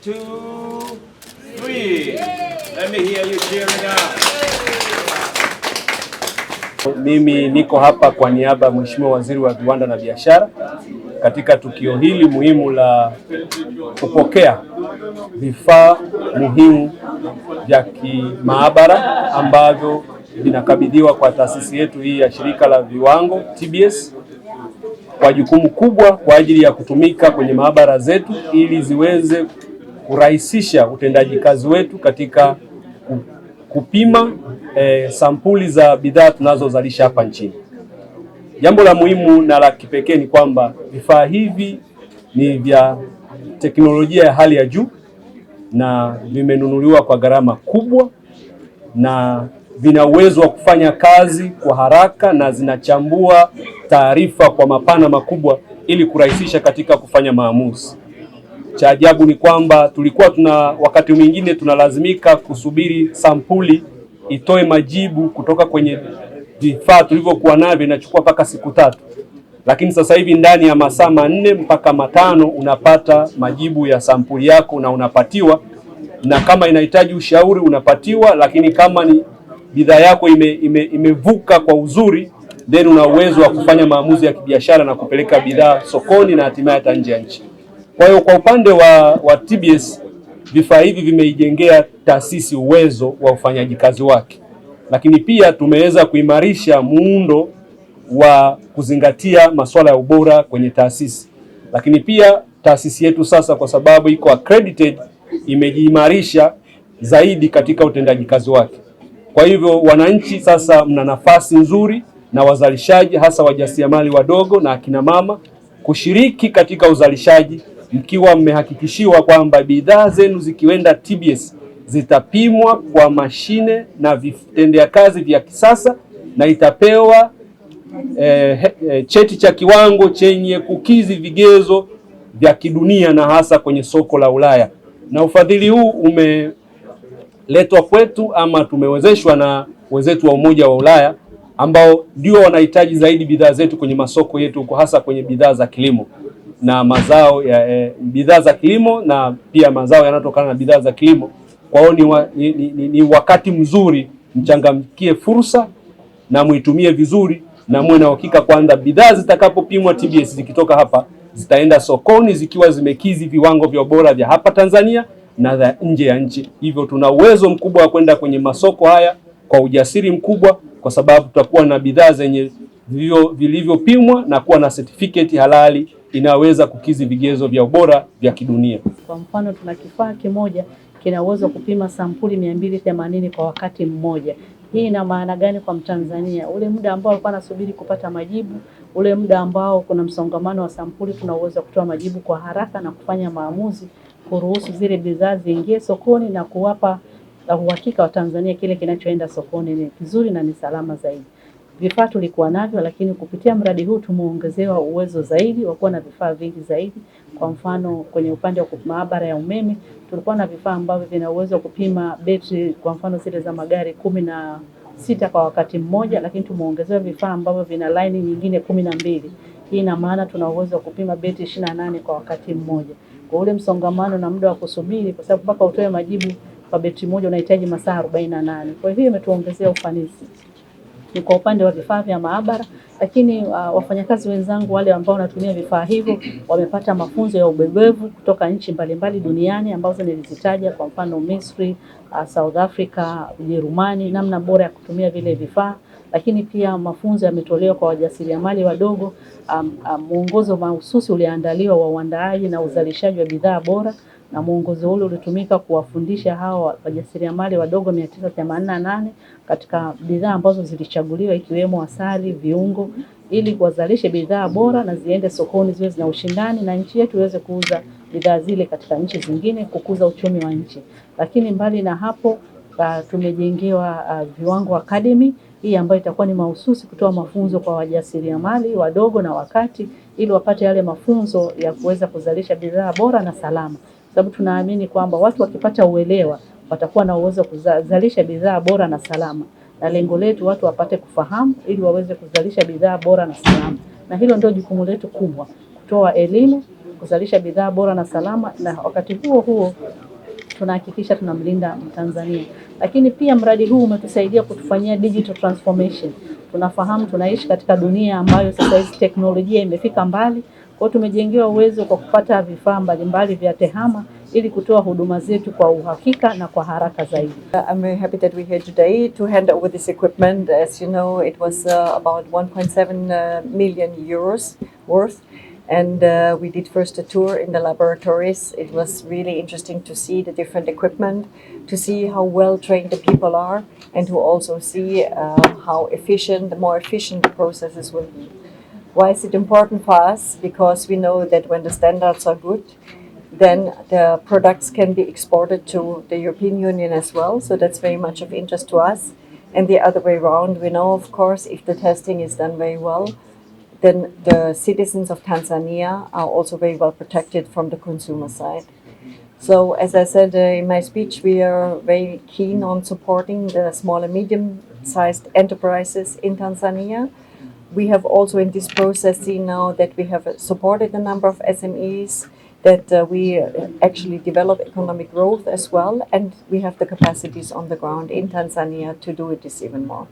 two, three. Let me hear you cheering up. Mimi niko hapa kwa niaba ya Mheshimiwa Waziri wa Viwanda na Biashara katika tukio hili muhimu la kupokea vifaa muhimu vya kimaabara ambavyo vinakabidhiwa kwa taasisi yetu hii ya Shirika la Viwango TBS kwa jukumu kubwa kwa ajili ya kutumika kwenye maabara zetu ili ziweze kurahisisha utendaji kazi wetu katika kupima e, sampuli za bidhaa tunazozalisha hapa nchini. Jambo la muhimu na la kipekee ni kwamba vifaa hivi ni vya teknolojia ya hali ya juu na vimenunuliwa kwa gharama kubwa na vina uwezo wa kufanya kazi kwa haraka na zinachambua taarifa kwa mapana makubwa ili kurahisisha katika kufanya maamuzi. Cha ajabu ni kwamba tulikuwa tuna wakati mwingine tunalazimika kusubiri sampuli itoe majibu kutoka kwenye vifaa tulivyokuwa navyo, inachukua mpaka siku tatu, lakini sasa hivi ndani ya masaa manne mpaka matano unapata majibu ya sampuli yako na unapatiwa, na kama inahitaji ushauri unapatiwa, lakini kama ni bidhaa yako ime, ime, imevuka kwa uzuri then una uwezo wa kufanya maamuzi ya kibiashara na kupeleka bidhaa sokoni na hatimaye hata nje ya nchi. Kwa hiyo kwa upande wa, wa TBS vifaa hivi vimeijengea taasisi uwezo wa ufanyaji kazi wake, lakini pia tumeweza kuimarisha muundo wa kuzingatia masuala ya ubora kwenye taasisi, lakini pia taasisi yetu sasa, kwa sababu iko accredited, imejiimarisha zaidi katika utendaji kazi wake. Kwa hivyo, wananchi sasa mna nafasi nzuri na wazalishaji hasa wajasiriamali wadogo na akina mama kushiriki katika uzalishaji mkiwa mmehakikishiwa kwamba bidhaa zenu zikiwenda TBS zitapimwa kwa mashine na vitendea kazi vya kisasa na itapewa eh, eh, cheti cha kiwango chenye kukizi vigezo vya kidunia na hasa kwenye soko la Ulaya. Na ufadhili huu umeletwa kwetu ama tumewezeshwa na wenzetu wa Umoja wa Ulaya ambao ndio wanahitaji zaidi bidhaa zetu kwenye masoko yetu, hasa kwenye bidhaa za kilimo na mazao ya e, bidhaa za kilimo na pia mazao yanayotokana na bidhaa za kilimo. Kwa hiyo ni, wa, ni, ni, ni wakati mzuri, mchangamkie fursa na muitumie vizuri, na muwe na uhakika kwanza bidhaa zitakapopimwa TBS zikitoka hapa zitaenda sokoni zikiwa zimekizi viwango vya ubora vya hapa Tanzania na za nje ya nchi. Hivyo tuna uwezo mkubwa wa kwenda kwenye masoko haya kwa ujasiri mkubwa, kwa sababu tutakuwa na bidhaa zenye vilivyopimwa na kuwa na certificate halali inaweza kukizi vigezo vya ubora vya kidunia. Kwa mfano, tuna kifaa kimoja kina uwezo wa kupima sampuli mia mbili themanini kwa wakati mmoja. Hii ina maana gani kwa Mtanzania? Ule muda ambao alikuwa anasubiri kupata majibu, ule muda ambao kuna msongamano wa sampuli, kuna uwezo wa kutoa majibu kwa haraka na kufanya maamuzi, kuruhusu zile bidhaa ziingie sokoni na kuwapa uhakika wa Tanzania kile kinachoenda sokoni ni kizuri na ni salama zaidi. Vifaa tulikuwa navyo, lakini kupitia mradi huu tumeongezewa uwezo zaidi wa kuwa na vifaa vingi zaidi. Kwa mfano, kwenye upande wa maabara ya umeme tulikuwa na vifaa ambavyo vina uwezo wa kupima betri, kwa mfano zile za magari kumi na sita kwa wakati mmoja, lakini tumeongezewa vifaa ambavyo vina laini nyingine kumi na mbili. Hii ina maana tuna uwezo wa kupima beti ishirini na nane kwa wakati mmoja. Kwa ule msongamano na muda wa kusubiri, kwa sababu mpaka utoe majibu kwa beti moja unahitaji masaa arobaini na nane. Kwa hiyo imetuongezea ufanisi ni kwa upande wa vifaa vya maabara, lakini uh, wafanyakazi wenzangu wale ambao wanatumia vifaa hivyo wamepata mafunzo ya ubebevu kutoka nchi mbalimbali duniani ambazo nilizitaja, kwa mfano Misri, uh, South Africa, Ujerumani, namna bora ya kutumia vile vifaa lakini pia mafunzo yametolewa kwa wajasiriamali wadogo, mwongozo um, um, mahususi uliandaliwa wa uandaaji na uzalishaji wa bidhaa bora, na mwongozo ule ulitumika kuwafundisha hawa wajasiriamali wadogo 988 katika bidhaa ambazo zilichaguliwa ikiwemo asali, viungo ili wazalishe bidhaa bora na ziende sokoni ziwe zina ushindani na nchi yetu iweze kuuza bidhaa zile katika nchi zingine, kukuza uchumi wa nchi. Lakini mbali na hapo uh, tumejengewa uh, Viwango Academy hii ambayo itakuwa ni mahususi kutoa mafunzo kwa wajasiriamali wadogo na wakati, ili wapate yale mafunzo ya kuweza kuzalisha bidhaa bora na salama, sababu tunaamini kwamba watu wakipata uelewa watakuwa na uwezo kuzalisha bidhaa bora na salama, na lengo letu watu wapate kufahamu ili waweze kuzalisha bidhaa bora na salama, na hilo ndio jukumu letu kubwa, kutoa elimu, kuzalisha bidhaa bora na salama, na wakati huo huo tunahakikisha tunamlinda Mtanzania. Lakini pia mradi huu umetusaidia kutufanyia digital transformation. Tunafahamu tunaishi katika dunia ambayo sasa hizi teknolojia imefika mbali, kwa hiyo tumejengewa uwezo kwa kupata vifaa mbalimbali vya tehama ili kutoa huduma zetu kwa uhakika na kwa haraka zaidi. I'm very happy that we're here today to hand over this equipment. As you know, it was uh, about 1.7 uh, million euros worth. And uh, we did first a tour in the laboratories. It was really interesting to see the different equipment, to see how well trained the people are, and to also see uh, how efficient, the more efficient the processes will be. Why is it important for us? Because we know that when the standards are good, then the products can be exported to the European Union as well. So that's very much of interest to us. And the other way around, we know, of course, if the testing is done very well, then the citizens of Tanzania are also very well protected from the consumer side. So, as I said uh, in my speech, we are very keen on supporting the small and medium sized enterprises in Tanzania. We have also in this process seen now that we have uh, supported a number of SMEs, that uh, we uh, actually develop economic growth as well, and we have the capacities on the ground in Tanzania to do this even more.